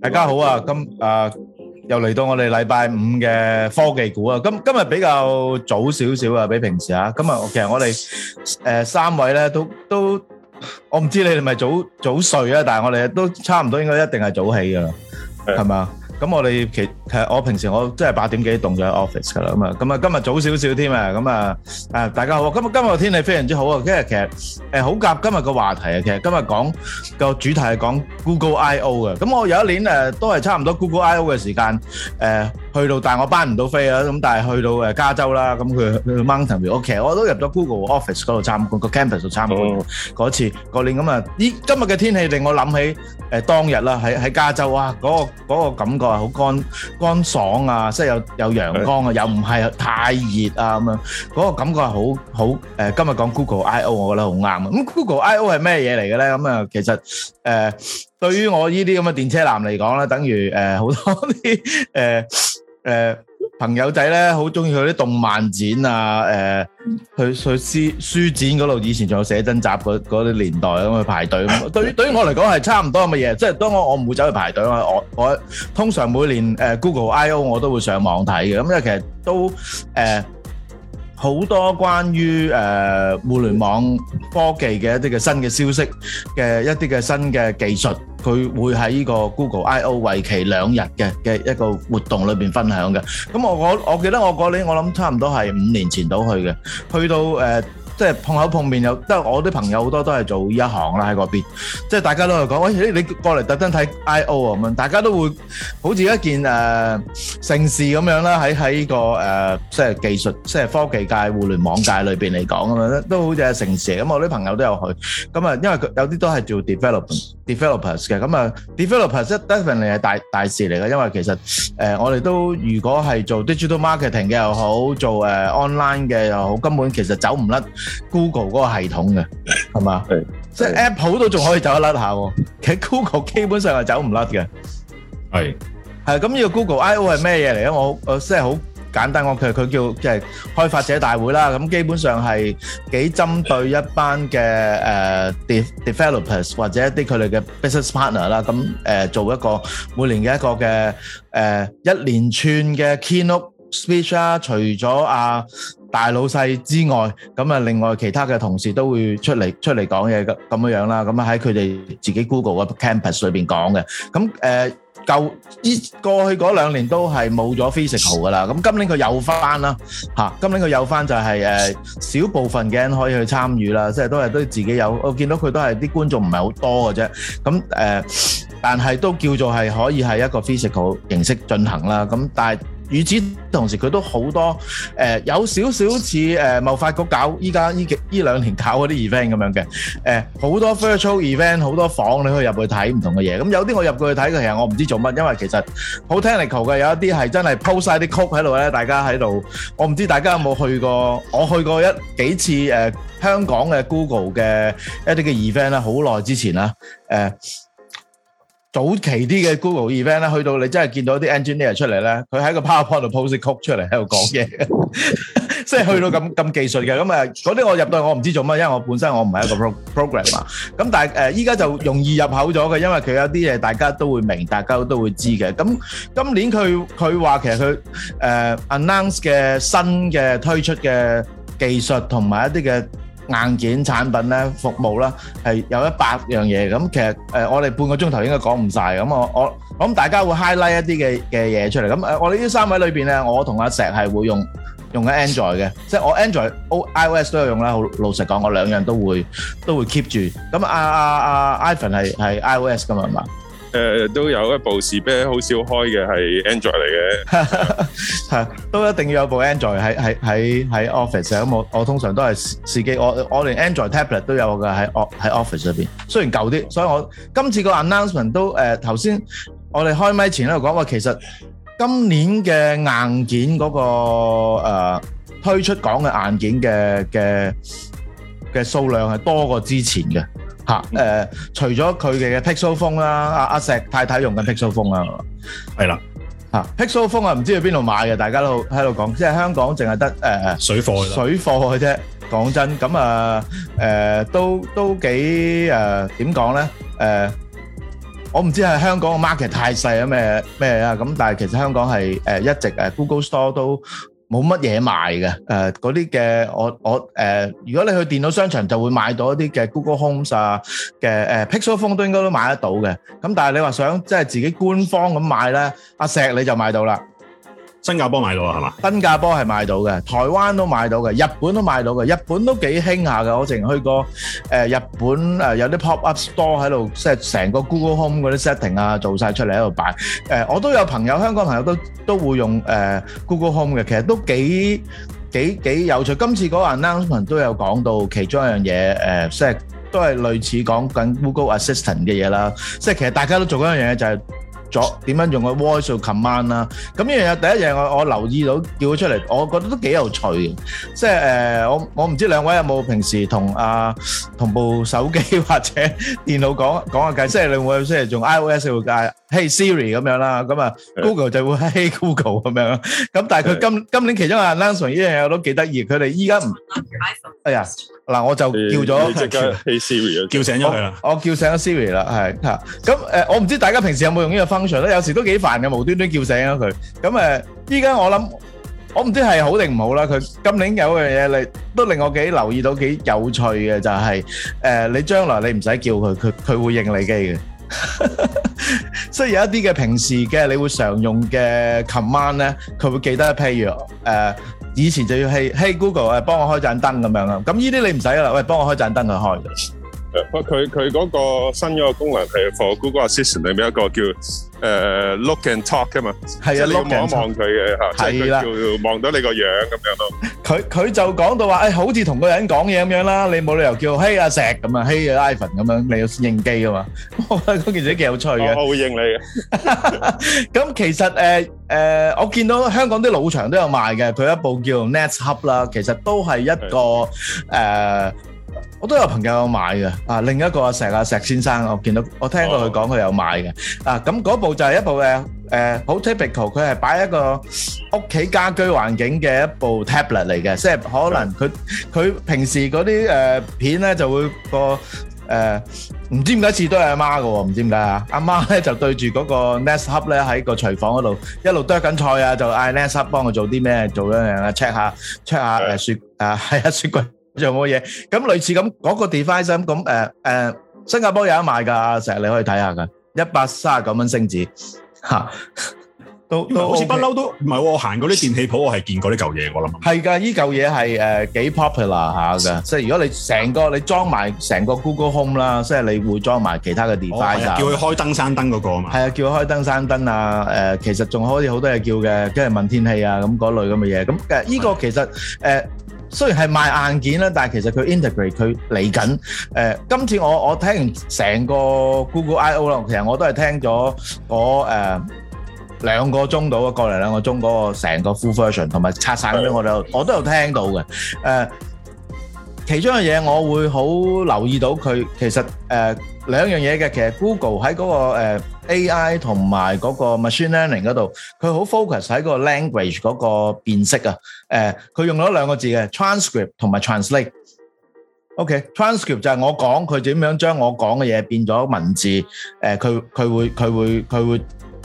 大家好啊，今誒又嚟到我哋禮拜五嘅科技估啊，今今日比較早少少啊，比平時啊，今日其實我哋誒三位咧都都，我唔知你哋係咪早早睡啊，但係我哋都差唔多應該一定係早起噶啦，係咪啊？咁我哋其實我平時我真係八點幾動咗喺 office 㗎啦，咁啊咁啊今日早少少添啊，咁啊啊大家好，今日今日嘅天氣非常之好啊，因為其實誒好夾今日個話題啊，其實今日講個主題係講 Google I/O 嘅，咁我有一年誒都係差唔多 Google I/O 嘅時間誒去到，但係我班唔到飛啊，咁但係去到誒加州啦，咁佢 Mountain View，我其實我都入咗 Google office 嗰度參觀個 campus 就參觀過嗰次嗰年，咁啊咦今日嘅天氣令我諗起誒當日啦，喺喺加州哇嗰個嗰個感覺。好乾乾爽啊，即係有有陽光啊，是又唔係太熱啊咁樣，嗰、那個感覺係好好誒。今日講 Google I/O 我覺得好啱啊。咁 Google I/O 係咩嘢嚟嘅咧？咁啊，其實誒、呃、對於我呢啲咁嘅電車男嚟講咧，等於誒好、呃、多啲誒誒。呃呃朋友仔咧，好中意去啲動漫展啊，誒、呃，去去書書展嗰度，以前仲有寫真集嗰啲年代咁去排隊 對於對於我嚟講係差唔多咁嘅嘢，即係當我我唔會走去排隊啊。我我通常每年誒 Google I/O 我都會上網睇嘅，咁因為其實都誒好、呃、多關於誒、呃、互聯網科技嘅一啲嘅新嘅消息嘅一啲嘅新嘅技術。佢會喺呢個 Google I/O 為期兩日嘅嘅一個活動裏邊分享嘅。咁我我我記得我嗰年我諗差唔多係五年前到去嘅。去到誒，即係碰口碰面又，即係我啲朋友好多都係做呢一行啦喺嗰邊。即係大家都係講，誒你過嚟特登睇 I/O 啊咁。大家都會好似一件誒盛事咁樣啦。喺喺呢個誒，即係技術，即係科技界、互聯網界裏邊嚟講啊嘛，都好似係盛事咁。我啲朋友都有去。咁啊，因為佢有啲都係做 development。developers 嘅，咁啊，developersdefinitely 係大大事嚟嘅，因為其實誒我哋都如果係做 digital marketing 嘅又好，做誒 online 嘅又好，根本其實走唔甩 Google 嗰個系統嘅，係嘛？即係 Apple 都仲可以走得甩下，其實 Google 基本上係走唔甩嘅。係係，咁，呢個 Google I O 係咩嘢嚟嘅？我我即係好。簡單講，佢佢叫即係開發者大會啦，咁基本上係幾針對一班嘅誒、uh, developers 或者一啲佢哋嘅 business partner 啦，咁、呃、做一個每年嘅一個嘅、呃、一連串嘅 keynote speech 啦、啊，除咗啊，大老細之外，咁啊，另外其他嘅同事都會出嚟出嚟講嘢咁咁樣啦。咁啊，喺佢哋自己 Google 個 campus 裏邊講嘅。咁誒，舊、呃、呢過去嗰兩年都係冇咗 physical 噶啦。咁今年佢有翻啦吓，今年佢有翻就係、是、誒、呃、小部分嘅人可以去參與啦，即係都係都自己有。我見到佢都係啲觀眾唔係好多嘅啫。咁誒、呃，但係都叫做係可以係一個 physical 形式進行啦。咁但係。與此同時，佢都好多誒、呃，有少少似誒貿法局貿發局搞依家呢幾依兩年搞嗰啲 event 咁樣嘅誒，好、呃、多 virtual event，好多房你可以入去睇唔同嘅嘢。咁、嗯、有啲我入過去睇，嘅，其實我唔知做乜，因為其實好 technical 嘅，有一啲係真係 post 曬啲曲喺度咧，大家喺度。我唔知大家有冇去過，我去過一幾次誒、呃、香港嘅 Google 嘅一啲嘅 event 咧，好耐之前啦誒。呃早期啲嘅 Google event 咧，去到你真係見到啲 engineer 出嚟咧，佢喺個 PowerPoint 度 post code 出嚟喺度講嘢，即係去到咁咁技術嘅咁誒，嗰啲我入到我唔知做乜，因為我本身我唔係一個 programmer 啊，咁但係誒依家就容易入口咗嘅，因為佢有啲嘢大家都會明，大家都會知嘅。咁今年佢佢話其實佢誒 announce 嘅新嘅推出嘅技術同埋一啲嘅。硬件產品咧、服務啦，係有一百樣嘢咁。其實我哋半個鐘頭應該講唔晒。咁。我我諗大家會 highlight 一啲嘅嘅嘢出嚟。咁我哋呢三位裏面咧，我同阿石係會用用 Android 嘅，即係我 Android、iOS 都有用啦。老實講，我兩樣都會都會 keep 住。咁阿阿阿 Ivan 係係 iOS 㗎嘛，係咪？誒、呃，都有一部士啤好少開嘅係 Android 嚟嘅， 都一定要有部 Android 喺喺喺喺 office、啊。咁我我通常都係司機，我我連 Android tablet 都有嘅喺 office 入邊。雖然舊啲，所以我今次個 announcement 都誒，頭、呃、先我哋開咪前喺度講過，其實今年嘅硬件嗰、那個誒、呃、推出講嘅硬件嘅嘅嘅數量係多過之前嘅。吓誒，除咗佢哋嘅 Pixel Phone 啦，阿阿石太太用緊 Pixel Phone 啦，係啦吓。Pixel Phone 啊，唔知去邊度買嘅，大家都喺度講，即係香港淨係得誒水貨嘅啦，水貨嘅啫。講真，咁啊誒，都都幾誒點講咧？誒，我唔知係香港嘅 market 太細啊咩咩啊咁，但係其實香港係誒一直誒 Google Store 都。冇乜嘢賣嘅，呃嗰啲嘅我我呃如果你去電腦商場就會買到一啲嘅 Google Home 啊嘅、呃、Pixel Phone 都應該都買得到嘅，咁但係你話想即係自己官方噉買呢？阿石你就買到啦。新加坡買到啊，係咪？新加坡係買到嘅，台灣都買到嘅，日本都買到嘅，日本都幾興下嘅。我淨去過誒日本誒，有啲 pop up store 喺度，即係成個 Google Home 嗰啲 setting 啊，做曬出嚟喺度擺。誒，我都有朋友，香港朋友都都會用誒 Google Home 嘅，其實都幾幾幾有趣。今次嗰個 announcement 都有講到其中一樣嘢，誒，即係都係類似講緊 Google Assistant 嘅嘢啦。即係其實大家都做緊一樣嘢就係。咗點樣用個 voice command 啦？咁呢樣嘢第一樣我我留意到叫咗出嚟，我覺得都幾有趣嘅。即係誒、呃，我我唔知兩位有冇平時同啊同部手機或者電腦講講下偈，即係你會唔會即係用 iOS 會計。Hey Siri 咁樣啦，咁啊 Google 就會 Hey Google 咁樣，咁但係佢今今年其中啊 function 呢樣嘢我都幾得意，佢哋依家唔哎呀嗱，我就叫咗 Hey Siri 叫醒咗佢啦，我叫醒咗 Siri 啦，係吓咁，誒，我唔知大家平時有冇用呢個 function 咧，有時都幾煩嘅，無端端叫醒咗佢，咁，誒，依家我諗我唔知係好定唔好啦，佢今年有樣嘢你都令我幾留意到幾有趣嘅，就係，誒，你將來你唔使叫佢，佢佢會應你機嘅。 所以有一啲嘅平時嘅你會常用嘅，command 咧，佢會記得，譬如誒、呃、以前就要係 Hey Google，誒、啊、幫我開盞燈咁樣啦。咁呢啲你唔使啦，喂，幫我開盞燈佢開的。誒，佢佢嗰個新咗個功能係 for Google Assistant 裏面一個叫誒、uh, Look and Talk 啊嘛。係啊，就是、你望一望佢嘅吓。係啦，啊，望到你個樣咁樣咯。 佢佢就講到話，誒好似同個人講嘢咁樣啦，你冇理由叫嘿阿石咁啊，嘿阿 Ivan 咁樣，你要應機噶嘛？我覺得嗰件嘢幾有趣嘅，我會應你嘅。咁其實誒誒，我見到香港啲老場都有賣嘅，佢一部叫 NetHub 啦，其實都係一個誒，我都有朋友有買嘅啊。另一個阿石阿石先生，我見到我聽過佢講，佢有買嘅啊。咁嗰部就係一部咧。誒好 typical，佢係擺一個屋企家居環境嘅一部 tablet 嚟嘅，即係可能佢佢平時嗰啲誒片咧就會個誒唔知點解次都係阿媽㗎喎，唔知點解啊？阿媽咧就對住嗰個 Nest Hub 咧喺個廚房嗰度一路剁緊菜啊，就嗌 Nest Hub 幫我做啲咩，做咗樣 check 下 check 下誒雪誒係啊雪櫃仲有冇嘢，咁類似咁嗰個 device 咁咁誒誒新加坡有得賣㗎，成日你可以睇下㗎，一百三十九蚊星紙。吓，都好似不嬲都唔係喎。我行過啲電器鋪，我係見過呢舊嘢，我諗係噶。呢舊嘢係誒幾 popular 下噶，即係如果你成個你裝埋成個 Google Home 啦，即係你會裝埋其他嘅 device。叫佢開登山燈嗰個啊嘛，係啊，叫佢開登山燈啊。誒，其實仲可以好多嘢叫嘅，跟住問天氣啊咁嗰類咁嘅嘢。咁誒，呢個其實誒。雖然係賣硬件啦，但係其實佢 integrate 佢嚟緊。誒，今次我我聽完成個 Google I/O 啦，其實我都係聽咗嗰誒兩個鐘到啊，過嚟兩個鐘嗰個成個 full version 同埋拆散咗，那個，我都有我都有聽到嘅。誒、呃，其中嘅嘢我會好留意到佢，其實誒、呃、兩樣嘢嘅，其實 Google 喺嗰、那個、呃 A.I. 同埋嗰個 machine learning 嗰度，佢好 focus 喺個 language 嗰個辨識啊。誒，佢用咗兩個字嘅 transcript 同埋 translate。O.K. transcript 就係我講，佢點樣將我講嘅嘢變咗文字。誒，佢佢會佢會佢會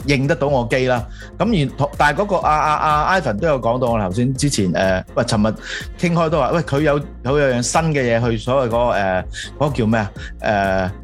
認得到我機啦。咁而同，但係嗰個阿阿阿 Evan 都有講到，我頭先之前誒，喂，尋日傾開都話，喂，佢有佢有樣新嘅嘢去所謂嗰個誒，嗰個叫咩啊？誒。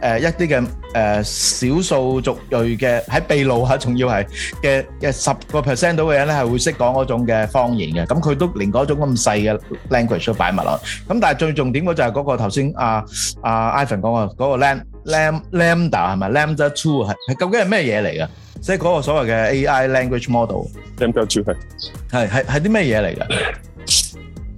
誒一啲嘅誒少數族裔嘅喺秘魯嚇，仲要係嘅嘅十個 percent 到嘅人咧，係會識講嗰種嘅方言嘅。咁佢都連嗰種咁細嘅 language 都擺埋落。咁但係最重點嘅就係嗰個頭先阿阿 Ivan 講啊，嗰個 lam lam lambda 係咪？lambda two 係係究竟係咩嘢嚟嘅？即係嗰個所謂嘅 AI language model lambda two 係係係啲咩嘢嚟嘅？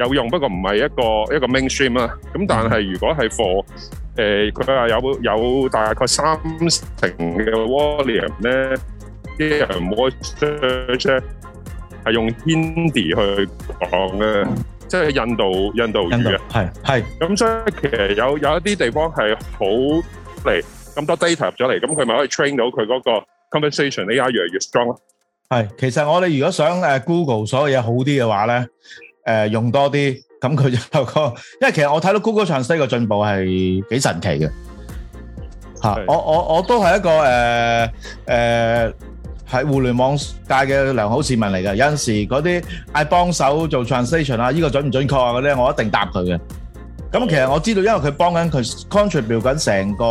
有用，不過唔係一個一個 mainstream 啊。咁但係如果係 for 誒，佢話有有大概三成嘅 volume 咧，啲人唔會 search，係用 Hindi 去講嘅，即係印度印度語。係係。咁所以其實有有一啲地方係好嚟咁多 data 入咗嚟，咁佢咪可以 train 到佢嗰個 conversation，依家越嚟越 strong 咯。係，其實我哋如果想誒 Google 所有嘢好啲嘅話咧。誒，用多啲，咁佢就個，因為其實我睇到 Google Translate 個進步係幾神奇嘅，吓，我我我都係一個誒誒喺互聯網界嘅良好市民嚟嘅，有陣時嗰啲嗌幫手做 translation 啊，呢個準唔準確，嗰啲，我一定答佢嘅。咁、嗯、其實我知道，因為佢幫緊佢 contribute 緊成個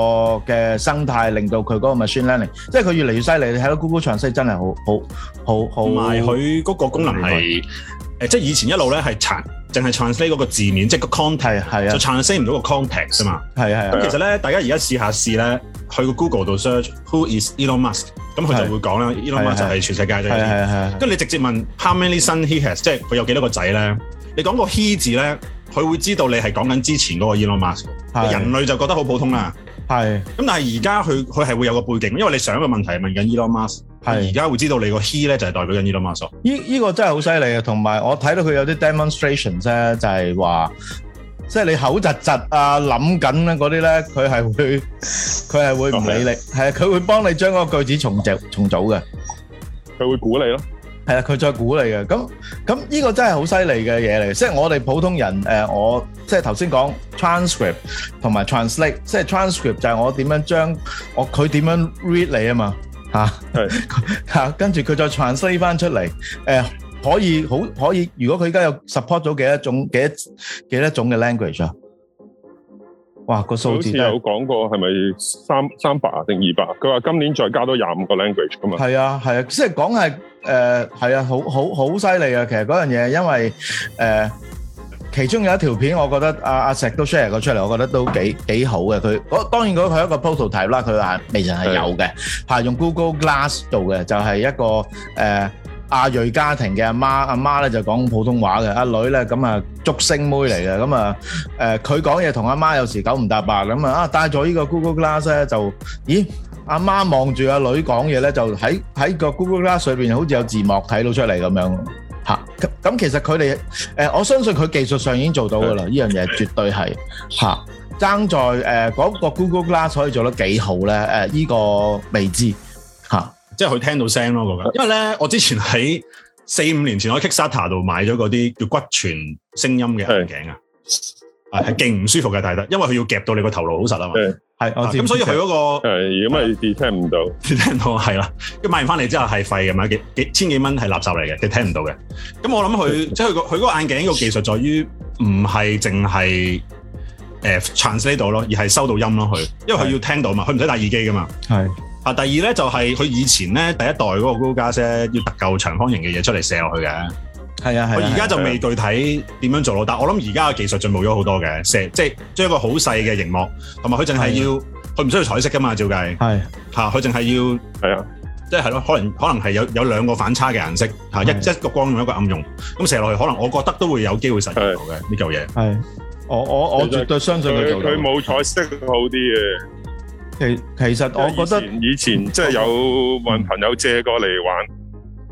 嘅生態，令到佢嗰個 machine learning，即係佢越嚟越犀利。你睇到 Google Translate 真係好好好好，同埋佢嗰個功能係即係以前一路咧係查淨係 translate 嗰個字面，即、就、係、是、個 content，係啊，就 translate 唔到個 context 啫嘛，咁其實咧、啊，大家而家試下試咧，去個 Google 度 search who is Elon Musk，咁佢就會講啦。Elon Musk 就係、是、全世界最，係跟住你直接問 how many son he has，即係佢有幾多個仔咧？你講個 he 字咧。佢會知道你係講緊之前嗰個 Elon Musk，人類就覺得好普通啦。係咁，但係而家佢佢係會有個背景，因為你上一個問題問緊 Elon Musk，係而家會知道你個 he 咧就係代表緊 Elon Musk。呢依、呢個真係好犀利啊，同埋我睇到佢有啲 demonstration 啫，就係話，即係你口窒窒啊，諗緊啦嗰啲咧，佢係會佢係會唔理你，係 佢會幫你將嗰個句子重重組嘅，佢會估你咯。係啊，佢再估你嘅，咁咁呢個真係好犀利嘅嘢嚟。即係我哋普通人，誒、呃，我即係頭先講 transcript 同埋 translate，即係 transcript 就係我點樣將我佢點樣 read 你啊嘛，啊 跟住佢再 translate 翻出嚟、呃，可以好可以。如果佢而家有 support 咗幾多種幾多幾多種嘅 language 啊？哇，個數字好似有講過係咪三三百定二百？佢話今年再加多廿五個 language 㗎嘛？係啊，係啊，即係講係誒係啊，好好好犀利啊！其實嗰樣嘢，因為誒其中有一條片，我覺得阿阿石都 share 過出嚟，我覺得都幾幾好嘅。佢嗰當然嗰佢係一個 prototype 啦，佢係微信係有嘅，係用 Google Glass 做嘅，就係一個誒。阿瑞家庭嘅阿媽，阿媽咧就講普通話嘅，阿女咧咁啊，竹升妹嚟嘅，咁啊誒，佢講嘢同阿媽有時九唔搭八，咁啊，帶咗呢個 Google Glass 咧就，咦，阿媽望住阿女講嘢咧就喺喺個 Google Glass 上邊好似有字幕睇到出嚟咁樣，嚇，咁咁其實佢哋誒，我相信佢技術上已經做到噶啦，呢樣嘢絕對係嚇，爭在誒嗰個 Google Glass 可以做得幾好咧，誒呢個未知嚇。即係佢聽到聲咯，嗰、啊、得。因為咧，我之前喺四五年前我喺 Kickstarter 度買咗嗰啲叫骨傳聲音嘅眼鏡啊，係勁唔舒服嘅，但得，因為佢要夾到你個頭腦好實啊嘛，係，咁所以佢嗰、嗰個係如果係聽唔到，你聽唔到係啦，跟住買完翻嚟之後係廢嘅，萬幾幾千幾蚊係垃圾嚟嘅，佢聽唔到嘅。咁我諗佢 即係佢個佢嗰眼鏡個技術在於唔係淨係誒 translate 到咯，而係收到音咯，佢，因為佢要聽到嘛，佢唔使戴耳機噶嘛，係。啊！第二咧就係、係、佢以前咧第一代嗰個 Google Glass 要凸嚿長方形嘅嘢出嚟射落去嘅，係啊係。佢而家就未具體點樣做咯、啊啊，但係我諗而家嘅技術進步咗好多嘅，射即係將一個好細嘅熒幕，同埋佢淨係要佢唔、啊、需要彩色噶嘛，照計係嚇，佢淨係要係啊，即係係咯，可能可能係有有兩個反差嘅顏色嚇、啊，一、啊、一個光用一個暗用，咁射落去可能我覺得都會有機會實現到嘅呢嚿嘢。係、啊這個啊，我我我絕對相信佢佢冇彩色好啲嘅。其其實我覺得以前，以前、嗯、即係有問、嗯、朋友借過嚟玩，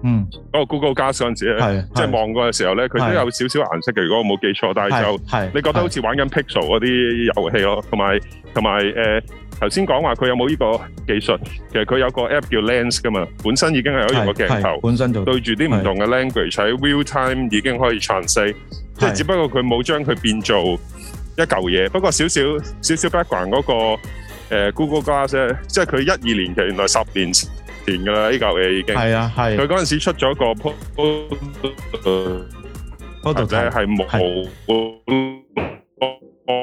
嗯，嗰、哦、個 Google Glass 嗰陣時即係望過嘅時候咧，佢、就是、都有少少顏色嘅。如果我冇記錯，是但係就是你覺得好似玩緊 Pixel 嗰啲遊戲咯，同埋同埋誒，頭先講話佢有冇呢個技術？其實佢有個 App 叫 Lens 噶嘛，本身已經係可以用個鏡頭，本身就是、對住啲唔同嘅 language 喺 real time 已經可以 translate 即係只不過佢冇將佢變做一嚿嘢，不過少少少少 background 嗰個。誒 Google Glass 咧，即係佢一二年期，原來十年前嘅啦，呢嚿嘢已經係啊，係佢嗰陣時出咗個 Model，Fold 咧係冇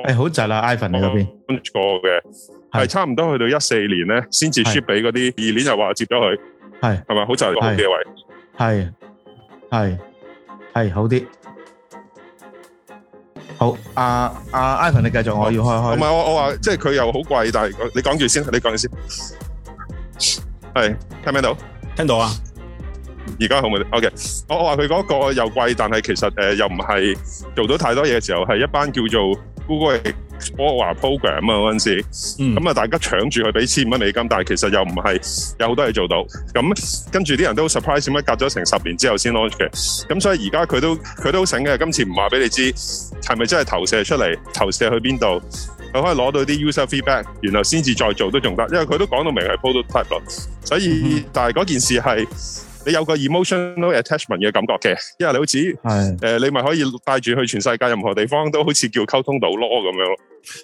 誒好扎啦，iPhone 你嗰邊個嘅係差唔多去到一四年咧先至 ship 俾嗰啲，二年就話接咗佢，係係咪好紮嘅位？係係係好啲。好，阿阿 Ivan，你繼續，我要開、哦、開。唔係我我話，嗯、即係佢又好貴，但係你講住先，你講住先。係聽唔聽到？聽到啊！而家好唔好？OK，我我話佢嗰個又貴，但係其實誒、呃、又唔係做到太多嘢嘅時候，係一班叫做 Google。我話 program 啊嗰陣時，咁啊大家搶住去俾千幾蚊美金，但係其實又唔係有好多嘢做到。咁跟住啲人都好 surprise 咁隔咗成十年之後先 launch 嘅。咁所以而家佢都佢都好醒嘅，今次唔話俾你知係咪真係投射出嚟，投射去邊度？佢可以攞到啲 user feedback，然後先至再做都仲得，因為佢都講到明係 prototype。所以、嗯、但係嗰件事係。你有個 emotional attachment 嘅感覺嘅，因為你好似、呃、你咪可以帶住去全世界任何地方，都好似叫溝通到咯咁樣。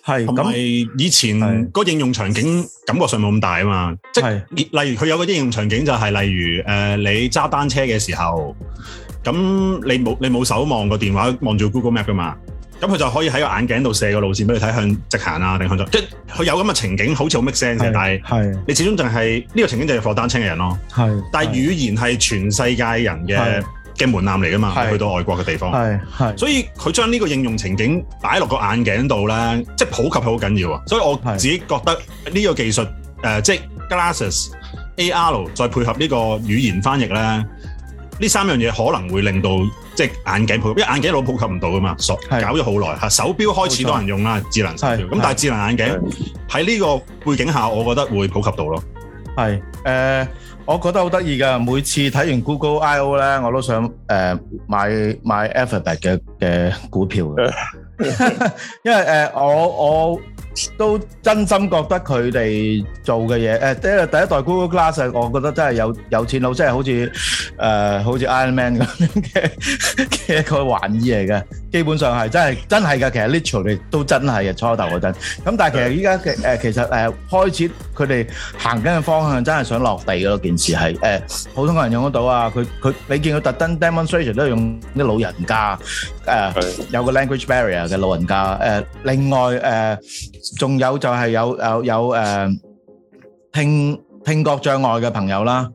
係，同埋以前個應用場景感覺上冇咁大啊嘛。即係例如佢有嗰啲應用場景、就係，就係例如、呃、你揸單車嘅時候，咁你冇你冇手望個電話，望住 Google Map 噶嘛。咁佢就可以喺個眼鏡度射個路線俾你睇，向直行啊，定向左？即係佢有咁嘅情景，好似好 make sense 嘅，但係你始終就係、是、呢、呢個情景就係 for 單親嘅人咯。但係語言係全世界人嘅嘅門檻嚟㗎嘛，去到外國嘅地方，所以佢將呢個應用情景擺落個眼鏡度咧，即係普及係好緊要啊。所以我自己覺得呢個技術即係、呃就是、Glasses AR 再配合呢個語言翻譯咧，呢三樣嘢可能會令到，即、就、係、是、眼鏡普及，因為眼鏡老普及唔到㗎嘛，熟搞咗好耐嚇。手錶開始多人用啦，智能手錶。咁但係智能眼鏡喺呢個背景下，我覺得會普及到咯。係誒、呃，我覺得好得意㗎。每次睇完 Google I/O 咧，我都想誒、呃、買買 Alphabet 嘅嘅股票， 因為誒我、呃、我。我都真心覺得佢哋做嘅嘢，誒，即係第一代 Google Glass，我覺得真係有有錢佬，真係好似誒，好似 Iron Man 咁嘅嘅一個玩意嚟嘅。基本上係真係真係嘅，其實 literally 都真係嘅，初頭嗰陣。咁但係其實依家嘅誒，其實誒開始佢哋行緊嘅方向，真係想落地嗰件事係誒普通嘅人用得到啊。佢佢，你見佢特登 Demonstration 都用啲老人家。誒，有個 language barrier，嘅老人家，誒，另外誒，仲有就係有有有誒，聽聽覺障礙嘅朋友啦，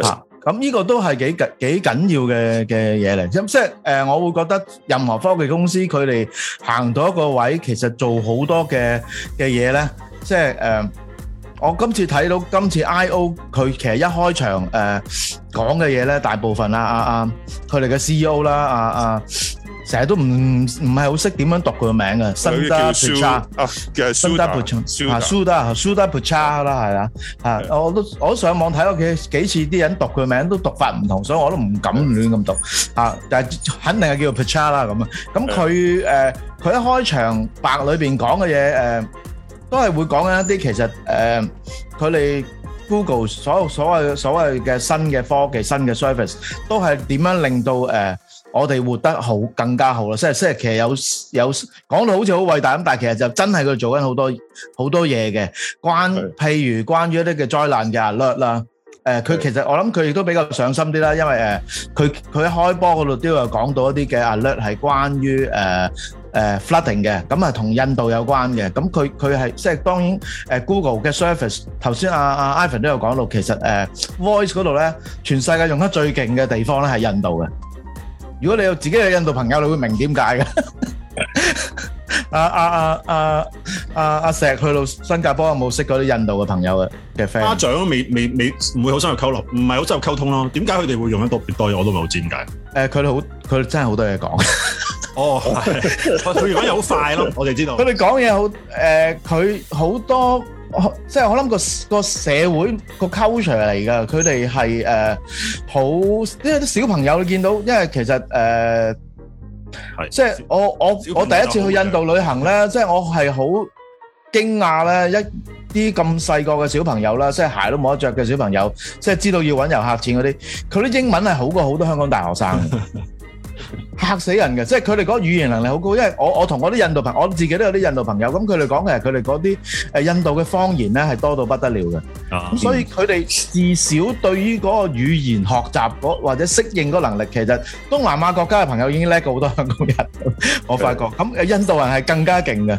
吓，咁呢個都係幾緊幾緊要嘅嘅嘢嚟，咁即係誒，我會覺得任何科技公司佢哋行到一個位，其實做好多嘅嘅嘢咧，即係誒。我今次睇到今次 I/O 佢其實一開場誒講嘅嘢咧，大部分啦啊啊佢哋嘅 C E O 啦啊啊成日都唔唔係好識點樣讀佢個名嘅，Sundar Pichai 啊，佢係 Sundar Pichai，Sundar Sundar Pichai 啦，係啦嚇，我都我都上網睇咗幾幾次，啲人讀佢名都讀法唔同，所以我都唔敢亂咁讀嚇，但係肯定係叫做 Pichai 啦咁啊，咁佢誒佢一開場白裏邊講嘅嘢誒。都係會講緊一啲其實誒佢哋 Google 所有所謂所謂嘅新嘅科技新嘅 service 都係點樣令到誒我哋活得好更加好咯，即係即係其實有有講到好似好偉大咁，但係其實就真係佢做緊好多好多嘢嘅關，譬如關於一啲嘅災難嘅 alert 啦，誒佢其實我諗佢亦都比較上心啲啦，因為誒佢佢喺開波嗰度都有講到一啲嘅 alert 係關於誒。誒 flooding 嘅，咁啊同印度有關嘅，咁佢佢係即係當然誒 Google 嘅 service。頭先阿阿 Ivan 都有講到，其實誒 voice 嗰度咧，全世界用得最勁嘅地方咧係印度嘅。如果你有自己嘅印度朋友，你會明點解㗎。阿阿阿阿阿阿石去到新加坡有冇識嗰啲印度嘅朋友嘅嘅 friend？家長都未未未唔會好深入交流，唔係好深入溝通咯。點解佢哋會用得特別多嘢？我都唔係好知點解。誒佢好佢哋真係好多嘢講。哦，佢如果又好快咯，我哋知道。佢哋講嘢好，誒，佢好多，即係我諗個個社會個 culture 嚟噶，佢哋係誒好，因為啲小朋友你見到，因為其實誒，即係我我我第一次去印度旅行咧，即係我係好驚訝咧，一啲咁細個嘅小朋友啦，即係鞋都冇得着嘅小朋友，即係知道要搵遊客錢嗰啲，佢啲英文係好過好多香港大學生。嚇死人嘅，即係佢哋個語言能力好高，因為我我同我啲印度朋，我自己都有啲印度朋友，咁佢哋講嘅，佢哋嗰啲誒，印度嘅方言咧係多到不得了嘅，咁所以佢哋至少對於嗰個語言學習嗰，或者適應嗰能力，其實東南亞國家嘅朋友已經叻過好多香港人，我發覺，咁誒印度人係更加勁嘅，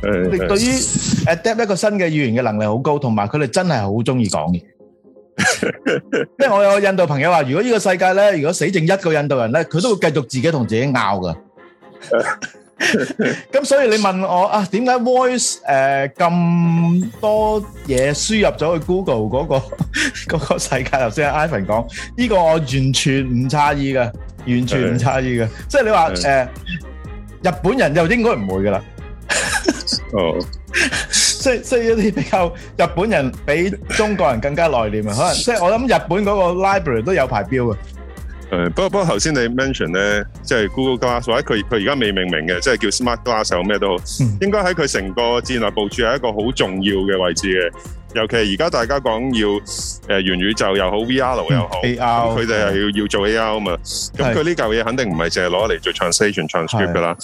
佢哋對於誒 adapt 一個新嘅語言嘅能力好高，同埋佢哋真係好中意講嘢。即係我有個印度朋友話，如果呢個世界咧，如果死剩一個印度人咧，佢都會繼續自己同自己拗噶。咁所以你問我啊，點解 Voice 誒咁多嘢輸入咗去 Google 嗰個嗰個世界頭先，阿 Ivan 講呢個我完全唔詫異嘅，完全唔詫異嘅。即係你話，誒，日本人就應該唔會噶啦。哦。即係需要一啲比較日本人比中國人更加內斂啊，可能即係我諗日本嗰個 library 都有排標嘅。誒，不過不過頭先你 mention 咧，即係 Google Glass 或者佢佢而家未命名嘅，即係叫 Smart Glass 咩都好，應該喺佢成個戰略部署係一個好重要嘅位置嘅。尤其而家大家講要誒元宇宙又好 VR 又好，佢哋係要要做 AR 嘛？咁佢呢嚿嘢肯定唔係淨係攞嚟做 translation transcript 噶啦，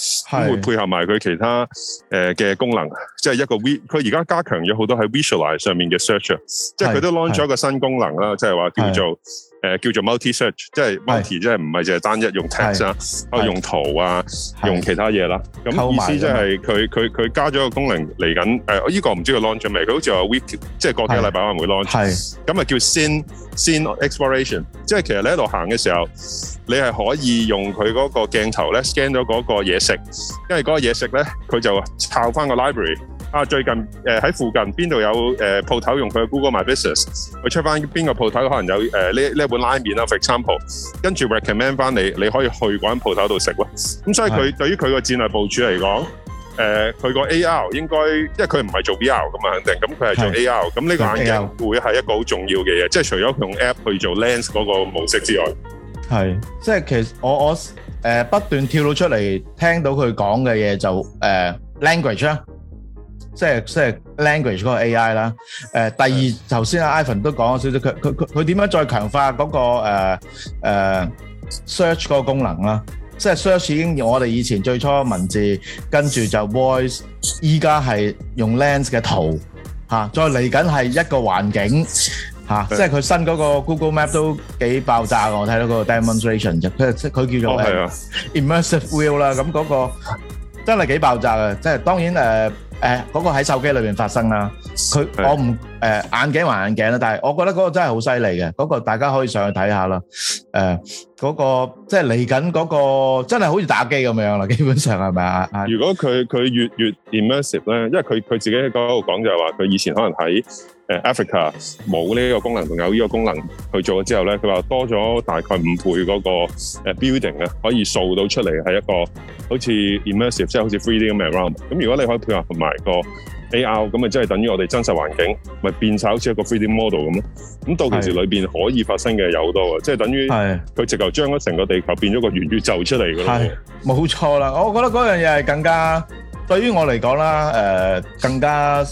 會配合埋佢其他誒嘅功能，即係一個 V。佢而家加強咗好多喺 visualize 上面嘅 search，即係佢都 launch 咗個新功能啦，即係話叫做。誒、呃、叫做 multi search，即係 multi，是即係唔係淨係單一用 text 啦，可、啊、以用圖啊，用其他嘢啦。咁意思即係佢佢佢加咗個功能嚟緊。誒，依、呃這個唔知佢 launch 咗未？佢好似話 week 即係過幾個禮拜可能會 launch。咁啊叫 scene scene exploration，是即係其實你喺度行嘅時候，你係可以用佢嗰個鏡頭咧 scan 咗嗰個嘢食，因為嗰個嘢食咧佢就抄翻個 library。啊！最近誒喺、呃、附近邊度有誒鋪頭用佢嘅 Google My Business 去出翻邊個鋪頭可能有誒呢呢一碗拉麵啦。For example，跟住 recommend 翻你你可以去嗰間鋪頭度食咯。咁所以佢對於佢個戰略部署嚟講，誒、呃、佢個 AR 應該因為佢唔係做 VR 咁啊，肯定咁佢係做 AR。咁呢個眼鏡會係一個好重要嘅嘢，即係除咗佢用 app 去做 lens 嗰個模式之外，係即係其實我我誒、呃、不斷跳到出嚟聽到佢講嘅嘢就誒、呃、language 啦、啊。即係即係 language 嗰個 AI 啦。誒，第二頭先阿 Ivan 都講咗少少，佢佢佢佢點樣再強化嗰個誒誒 search 嗰個功能啦？即係 search 已經用我哋以前最初文字，跟住就 voice，依家係用 Lens 嘅圖嚇，再嚟緊係一個環境嚇，即係佢新嗰個 Google Map 都幾爆炸嘅。我睇到嗰個 demonstration 啫，佢佢叫做 immersive view 啦。咁嗰個真係幾爆炸呀，即係當然誒。誒、呃、嗰、那個喺手機裏面發生啦，佢我唔誒、呃、眼鏡還眼鏡啦，但係我覺得嗰個真係好犀利嘅，嗰、那個大家可以上去睇、呃那個、下啦、那個。誒嗰個即係嚟緊嗰個真係好似打機咁樣啦，基本上係咪啊？如果佢佢越越 i e m e r s i v e 咧，因為佢佢自己喺嗰度講就係話佢以前可能喺。Africa 冇呢個功能，仲有呢個功能去做咗之後咧，佢話多咗大概五倍嗰個 building 啊，可以掃到出嚟係一個好似 immersive，即係好似 three D 咁嘅 around。咁如果你可以配合埋個 AR，咁咪即係等於我哋真實環境咪變曬好似一個 three D model 咁咯。咁到時裏邊可以發生嘅有好多即係、係、等於佢直頭將成個地球變咗個元宇宙出嚟㗎啦。冇錯啦，我覺得嗰樣嘢係更加對於我嚟講啦、呃，更加。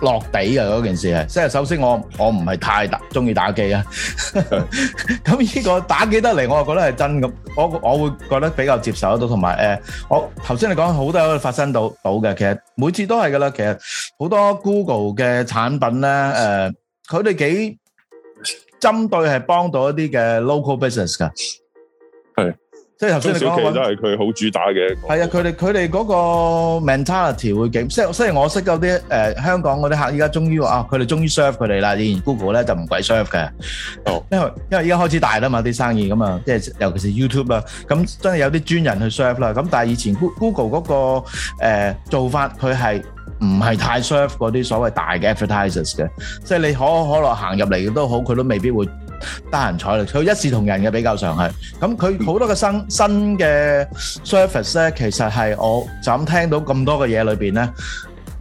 落地啊！嗰件事係，即係首先我我唔係太大中意打機啊，咁 呢個打機得嚟，我又覺得係真咁，我我會覺得比較接受得到，同埋誒，我頭先你講好多發生到到嘅，其實每次都係㗎啦，其實好多 Google 嘅產品咧誒，佢、呃、哋幾針對係幫到一啲嘅 local business 㗎。即係頭先你講，都係佢好主打嘅。係啊，佢哋佢哋嗰個 mentality 會幾。即係雖然我識有啲誒香港嗰啲客，依家終於話啊，佢哋終於 serve 佢哋啦。以前 Google 咧就唔鬼 serve 嘅。哦，因為因為依家開始大啦嘛，啲生意咁啊，即係尤其是 YouTube 啦，咁真係有啲專人去 serve 啦。咁但係以前 Google 嗰個誒做法，佢係唔係太 serve 嗰啲所謂大嘅 advertisers 嘅。即係你可可樂行入嚟嘅都好，佢都未必會。得人彩啦！佢一視同仁嘅，比較上係，咁佢好多嘅新新嘅 service 咧，其實係我就咁聽到咁多嘅嘢裏邊，咧，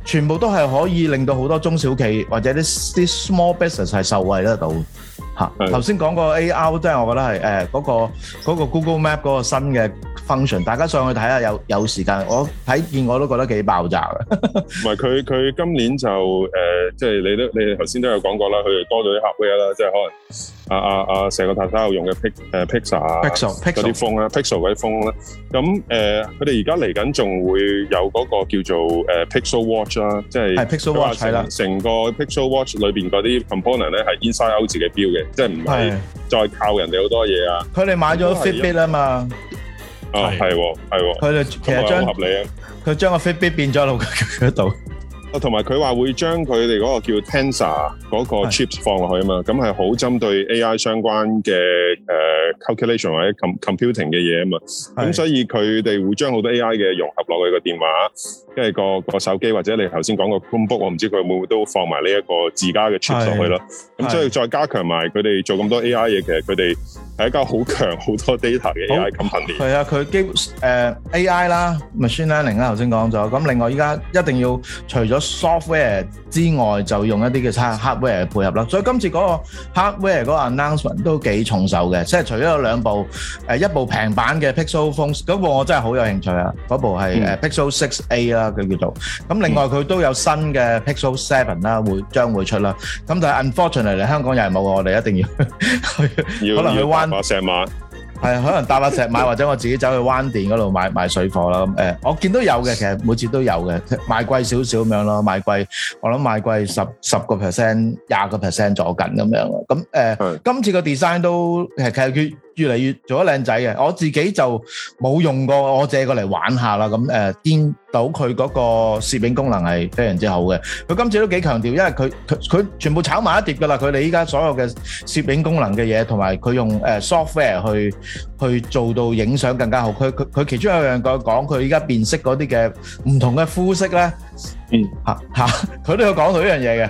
全部都係可以令到好多中小企或者啲啲 small business 係受惠得到㗎吓。頭先講個 AR，即係我覺得係誒嗰個嗰個 Google Map 嗰個新嘅。function，大家上去睇下有有時間，我睇見我都覺得幾爆炸嘅。唔係佢佢今年就誒，即係你都你哋頭先都有講過啦，佢哋多咗啲 hardware 啦，即係可能啊啊啊成個套餐要用嘅 pic 誒 pixel 啊，嗰啲 phone 咧，pixel 嗰啲 phone 咧，咁誒佢哋而家嚟緊仲會有嗰個叫做誒 pixel watch 啦，即係佢話成成個 pixel watch 裏邊嗰啲 component 咧係 inside out 自己 build 嘅，即係唔係再靠人哋好多嘢啊？佢哋買咗 Fitbit 啊嘛。啊、oh，係、哦，係，佢哋其實將合理啊，佢將個 Fitbit 變咗喺度，啊，同埋佢話會將佢哋嗰個叫 Tensor 嗰個 chips 放落去啊嘛，咁係好針對 AI 相關嘅誒、uh, calculation 或者 com computing 嘅嘢啊嘛，咁所以佢哋會將好多 AI 嘅融合落去個電話，即係、個、個手機或者你頭先講個 combo，我唔知佢會唔會都放埋呢一個自家嘅 chips 上去咯，咁所以再加強埋佢哋做咁多 AI 嘢，其實佢哋。喺一家好強好多 data 嘅 AI 咁訓練，係啊，佢基誒 AI 啦，machine learning 啦，頭先講咗。咁另外依家一定要除咗 software 之外，就用一啲嘅 hardware 配合啦。所以今次嗰個 hardware 嗰個 announcement 都幾重手嘅，即係除咗有兩部誒，一部平板嘅 Pixel Phone，嗰部我真係好有興趣啊。嗰部係誒 Pixel Six A 啦，佢叫做。咁另外佢都有新嘅 Pixel Seven 啦，會將會出啦。咁但係 unfortunately 香港又係冇，我哋一定要去可能去灣。買石馬，係可能搭阿石馬 或者我自己走去灣店嗰度買，買水貨啦咁，欸，我見到有嘅，其實每次都有嘅，賣貴少少咁樣咯，賣貴我諗賣貴十十個 percent，廿個 percent 左近咁樣咁，欸，今次個 design 都其實越嚟越做得靚仔嘅，我自己就冇用過，我借過嚟玩下啦。咁誒，見到佢嗰個攝影功能係非常之好嘅。佢今次都幾強調，因為佢佢佢全部炒埋一碟㗎啦。佢哋依家所有嘅攝影功能嘅嘢，同埋佢用誒 software 去去做到影相更加好。佢佢佢其中有一樣嘢講，佢依家辨識嗰啲嘅唔同嘅膚色咧，嗯嚇嚇，佢都有講到呢樣嘢嘅。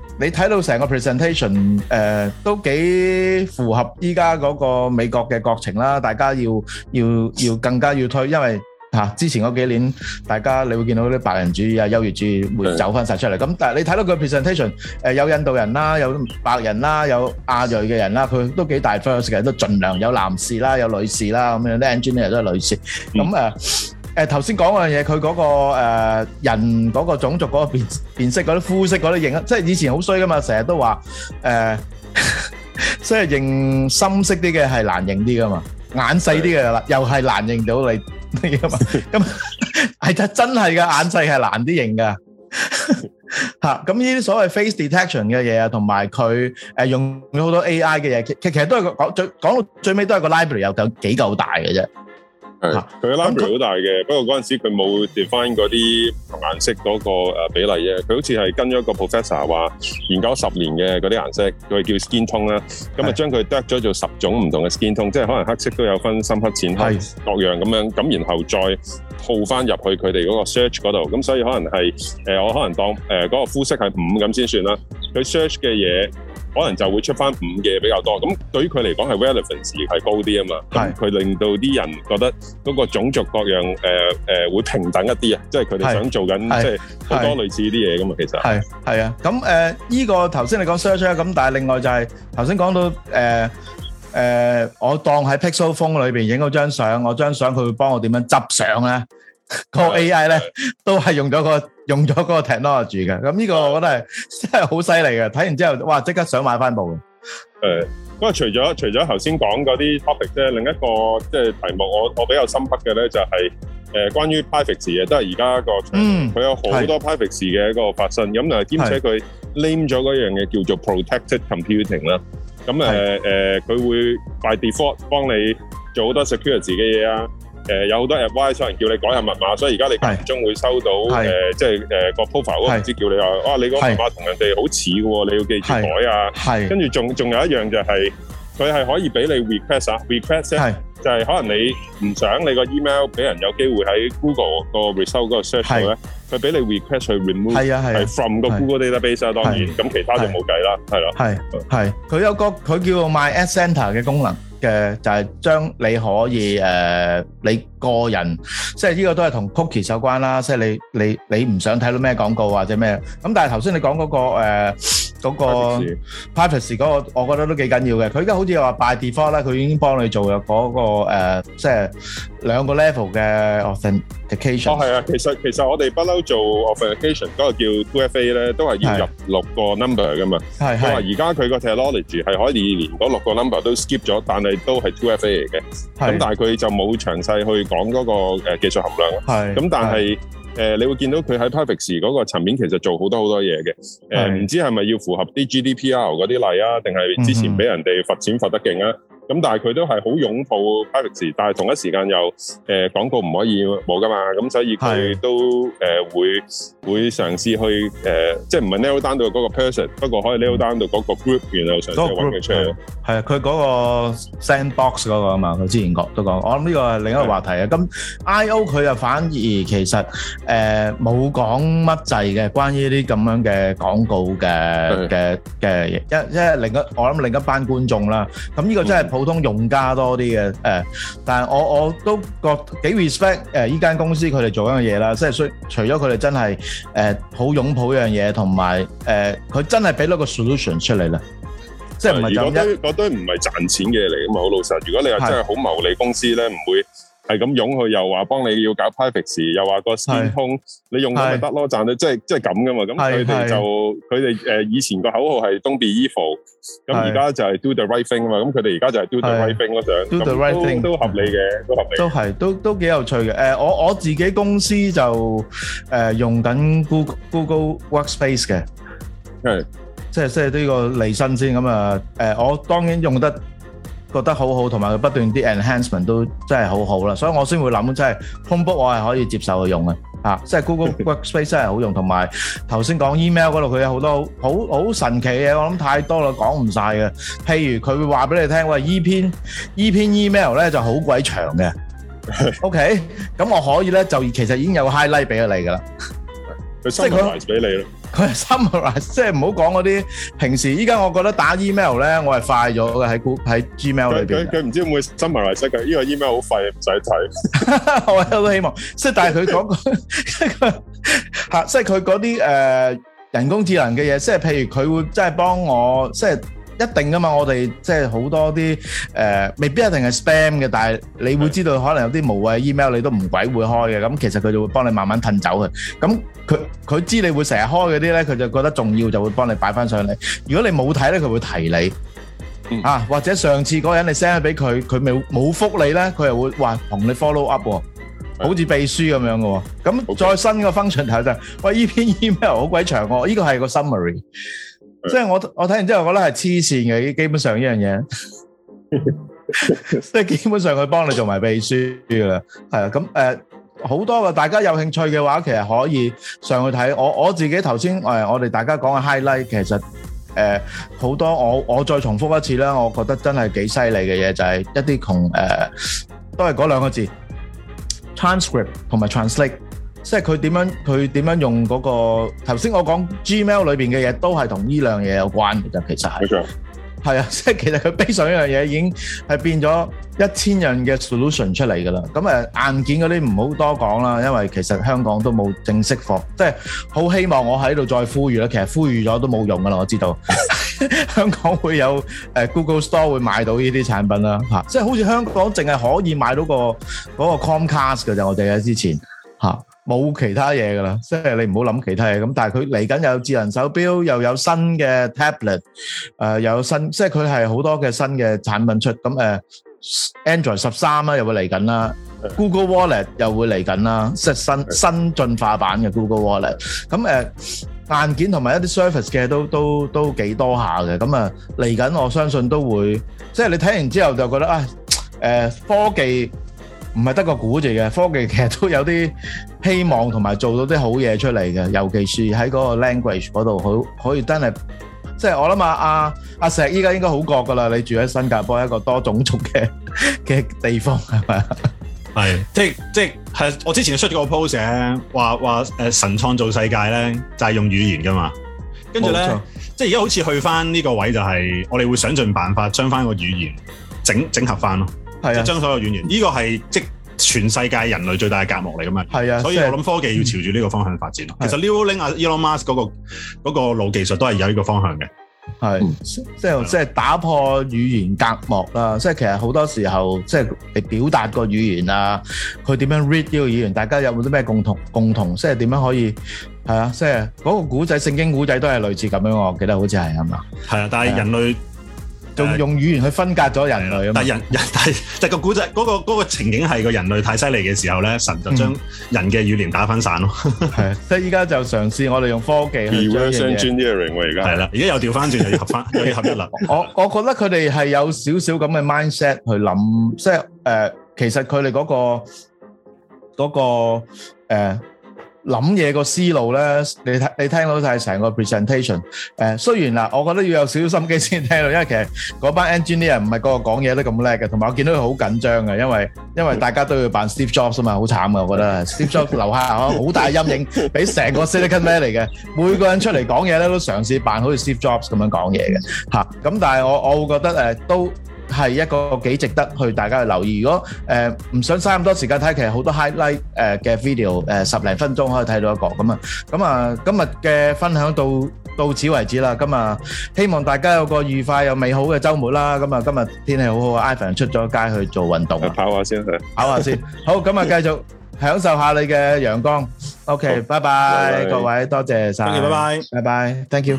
你睇到成個 presentation 誒都幾符合依家嗰個美國嘅國情啦，大家要要要更加要推，因為嚇之前嗰幾年大家你會見到啲白人主義啊、優越主義會走返晒出嚟。咁但係你睇到個 presentation 誒有印度人啦，有白人啦，有亞裔嘅人啦，佢都幾 diverse 嘅，都盡量有男士啦，有女士啦，咁樣啲 engineer 都係女士。咁誒。誒頭先講嗰樣嘢，佢嗰、嗰個、呃、人嗰個種族嗰個辨色，嗰啲膚色嗰啲認啊，即係以前好衰噶嘛，成日都話誒、呃，即係認深色啲嘅係難認啲噶嘛，眼細啲嘅又係難認到你咁係 真真係嘅，眼細係難啲認噶，嚇咁呢啲所謂 face detection 嘅嘢啊，同埋佢誒用咗好多 AI 嘅嘢，其其實都係個講最講到最尾都係個 library 又夠幾夠大嘅啫。係、啊，佢嘅 range 好大嘅、嗯，不過嗰陣時佢冇 define 嗰啲顏色嗰個比例嘅。佢好似係跟咗一個 professor 話研究十年嘅嗰啲顏色，佢叫 skin tone 啦，咁啊將佢得咗做十種唔同嘅 skin tone，即係可能黑色都有分深黑、淺黑各樣咁樣，咁然後再套翻入去佢哋嗰個 search 嗰度，咁所以可能係誒、呃、我可能當誒嗰、呃那個膚色係五咁先算啦，佢 search 嘅嘢。可能就會出翻五嘅比較多，咁對於佢嚟講係 relevance 係高啲啊嘛，咁佢令到啲人覺得嗰個種族各樣誒誒、呃呃、會平等一啲啊，即係佢哋想做緊即係好多類似啲嘢噶嘛，其實係係啊，咁誒呢個頭先你講 search 咧，咁但係另外就係頭先講到誒誒、呃呃，我當喺 Pixel phone 裏面影咗張相，我張相佢會，會幫我點樣執相咧，啊、 個 AI 咧、啊啊、都係用咗個。用咗嗰個 technology 嘅，咁呢個我覺得係、嗯、真係好犀利嘅。睇完之後，哇，即刻想買翻部。誒、呃，不過除咗除咗頭先講嗰啲 topic 啫，另一個即係題目我，我我比較深刻嘅咧就係、是、誒、呃、關於 privacy 嘅，都係而家個，嗯，佢有好多 privacy 嘅一個發生。咁啊，兼、嗯、且佢 name 咗嗰樣嘢叫做 protected computing 啦。咁誒誒，佢、呃、會 by default 幫你做好多 security 嘅嘢啊。誒有好多 advice，可能叫你改下密碼，所以而家你間唔中會收到誒，即係誒個 profile 都唔知叫你話，哇！你個密碼同人哋好似嘅喎，你要記住改啊。係，跟住仲仲有一樣就係，佢係可以俾你 request 啊，request 即係可能你唔想你個 email 俾人有機會喺 Google 個回收嗰個 search 到咧，佢俾你 request 去 remove 係 from 個 Google database 啦。當然，咁其他就冇計啦，係咯。係，係，佢有個佢叫做 My Account 嘅功能。嘅就係、是、將你可以誒、呃，你個人即係呢個都係同 cookie 相關啦，即係你你你唔想睇到咩廣告或者咩，咁但係頭先你講嗰、那個誒。呃嗰個 privacy 嗰個，嗰個、我覺得都幾緊要嘅。佢而家好似又話 by default 咧，佢已經幫你做咗嗰、嗰個、呃、即係兩個 level 嘅 authentication。哦，係啊，其實其實我哋不嬲做 authentication 嗰個叫 two FA 咧，都係要入，入六個 number 噶嘛。係係。而家佢個 technology 係可以連嗰六個 number 都 skip 咗，但係都係 two FA 嚟嘅。咁但係佢就冇詳細去講嗰個呃技術含量。咁但係。誒、呃，你會見到佢喺 privacy 嗰個層面其實做好多好多嘢嘅。誒、呃，唔知係咪要符合啲 GDPR 嗰啲例啊，定係之前俾人哋罰錢罰得勁啊？嗯嗯咁但係佢都係好擁抱 Alex，但係同一時間又誒廣告唔可以冇噶嘛，咁所以佢都誒會會嘗試去誒即係唔係 nail down 到嗰個 person，不過可以 nail down 到嗰個 group，然後嘗試去揾佢出嚟。係啊，佢嗰個 sandbox 嗰個啊嘛，佢之前講都講，我諗呢個係另一個話題啊。咁 IO 佢又反而其實誒冇講乜滯嘅，關於呢啲咁樣嘅廣告嘅嘅嘅嘢，一即係另一我諗另一班觀眾啦。咁呢個真係普普通用家多啲嘅，但係我我都覺幾 respect 誒依間公司佢哋做緊嘅嘢啦，即係除咗佢哋真係誒好擁抱樣嘢，同埋誒佢真係俾咗個 solution 出嚟啦，即係唔係咁一覺得唔係賺錢嘅嚟咁，好老實，如果你話真係好牟利公司咧，唔會。係咁擁佢，又話幫你要搞 PayPal，又話個電通你用到咪得咯，賺到即係即係咁噶嘛。咁佢哋就佢哋誒以前個口號係 Don't Be Evil，咁而家就係 Do The Right Thing 啊嘛。咁佢哋而家就係 Do The Right Thing 咯，想 Do The Right Thing 都合理嘅，都合理。都係，都都幾有趣嘅。誒，我我自己公司就誒用緊 Google Workspace 嘅，係，即係即係呢個離身先咁啊。誒，我當然用得。覺得好好，同埋佢不斷啲 enhancement 都真係好好啦，所以我先會諗真係 Chromebook 我係可以接受用嘅，啊，即係 Google Workspace 真係好用，同埋頭先講 email 嗰度佢有好多好好神奇嘢，我諗太多啦講唔晒嘅，譬如佢會話俾你聽喂，依篇依篇 email 咧就好鬼長嘅 ，OK，咁我可以咧就其實已經有 highlight 俾你㗎啦。即係佢 summarise 俾你咯，佢 summarise，即係唔好講嗰啲平時依家我覺得打 email 咧，我係快咗嘅喺 group 喺 gmail 裏邊，佢佢唔知會唔會 summarise 嘅？依個 email 好快，唔使睇。我我都希望，即係但係佢講個嚇，即係佢嗰啲誒人工智能嘅嘢，即係譬如佢會即係幫我，即係。一定㗎嘛，我哋即係好多啲、呃、未必一定係 spam 嘅，但係你會知道可能有啲無謂 email 你都唔鬼會開嘅，咁其實佢就會幫你慢慢褪走嘅。咁佢佢知你會成日開嗰啲咧，佢就覺得重要就會幫你擺翻上嚟。如果你冇睇咧，佢會提你、嗯、啊。或者上次嗰人你 send 俾佢，佢冇冇覆你咧，佢又會話同你 follow up 喎、嗯，好似秘書咁樣嘅喎。咁再新個 function 睇就是，okay. 喂，呢篇 email 好鬼長喎，呢、這個係個 summary。即係我我睇完之後，覺得係黐線嘅，基本上呢樣嘢，即 係 基本上佢幫你做埋秘書噶啦，係啊，咁誒好多嘅，大家有興趣嘅話，其實可以上去睇。我我自己頭先誒，我哋大家講嘅 highlight，其實誒好、呃、多，我我再重複一次啦，我覺得真係幾犀利嘅嘢，就係、是、一啲同誒都係嗰兩個字 transcript 同埋 translate。即係佢點樣佢點樣用嗰個頭先我講 Gmail 裏邊嘅嘢，都係同呢樣嘢有關嘅啫。其實係，係啊，即係其實佢悲傷一樣嘢已經係變咗一千人嘅 solution 出嚟㗎啦。咁誒硬件嗰啲唔好多講啦，因為其實香港都冇正式貨。即係好希望我喺度再呼籲啦，其實呼籲咗都冇用㗎啦。我知道香港會有誒 Google Store 會買到呢啲產品啦，嚇！即係好似香港淨係可以買到個嗰個 Comcast 㗎啫。我哋喺之前嚇。冇其他嘢噶啦，即係你唔好諗其他嘢咁。但係佢嚟緊有智能手錶，又有新嘅 tablet，誒又有新，即係佢係好多嘅新嘅產品出。咁誒，Android 十三啦，又會嚟緊啦，Google Wallet 又會嚟緊啦，即係新新進化版嘅 Google Wallet。咁誒，硬件同埋一啲 service 嘅都都都幾多下嘅。咁啊嚟緊，我相信都會，即係你睇完之後就覺得啊，誒科技。唔係得個估值嘅，科技其實都有啲希望，同埋做到啲好嘢出嚟嘅。尤其是喺嗰個 language 嗰度，好可以真係，即係、就是、我諗啊，阿、啊、阿、啊、石依家應該好覺噶啦。你住喺新加坡，一個多種族嘅嘅地方係咪啊？係，即係即係，我之前出咗個 post 咧，話話誒神創造世界咧就係、是、用語言噶嘛。跟住咧，即係而家好似去翻呢個位置、就是，就係我哋會想盡辦法將翻個語言整整合翻咯。啊、就將所有語言，呢個係即全世界人類最大嘅隔膜嚟咁啊！係、就、啊、是，所以我諗科技要朝住呢個方向發展。嗯、其實 Newell 啊、Elon Musk 嗰、嗰個嗰個腦技術都係有呢個方向嘅。係，即係即係打破語言隔膜啦。即、就、係、是、其實好多時候，即係嚟表達個語言啊，佢點樣 read 呢個語言，大家有冇啲咩共同共同？即係點樣可以係啊？即係嗰個古仔、聖經古仔都係類似咁樣，我記得好似係係嘛？係啊，啊，但係人類是、啊。仲用語言去分隔咗人類啊！但係人，但係但係個古仔嗰個嗰個情景係個人類太犀利嘅時候咧，神就將人嘅語言打分散咯。係，即係依家就嘗試我哋用科技去將嘢。Reverse engineering 喎，而家係啦，而家又調翻轉，又要合翻，又要合一啦。我我覺得佢哋係有少少咁嘅 mindset 去諗，即係誒，其實佢哋嗰個嗰個誒。諗嘢個思路咧，你睇你聽到就係成個 presentation。誒，雖然嗱，我覺得要有少少心機先聽到，因為其實嗰班 engineer 唔係個個講嘢都咁叻嘅，同埋我見到佢好緊張噶，因為因為大家都要扮 Steve Jobs 啊嘛，好慘啊，我覺得 Steve Jobs 留下啊好大陰影，俾成個 Silicon Valley 嘅每個人出嚟講嘢咧，都嘗試扮好似 Steve Jobs 咁樣講嘢嘅吓。咁但係我我會覺得誒都。係一個幾值得去大家去留意。如果誒唔想嘥咁多時間睇，其實好多 highlight 誒嘅 video 誒十零分鐘可以睇到一個咁啊。咁啊，今日嘅分享到到此為止啦。咁啊，希望大家有個愉快又美好嘅週末啦。咁啊，今日天氣好好啊，Ivan 出咗街去做運動，跑下先去，跑下先。好，咁啊，繼續享受下你嘅陽光。OK，拜拜，各位，多謝晒，拜拜，拜拜，Thank you。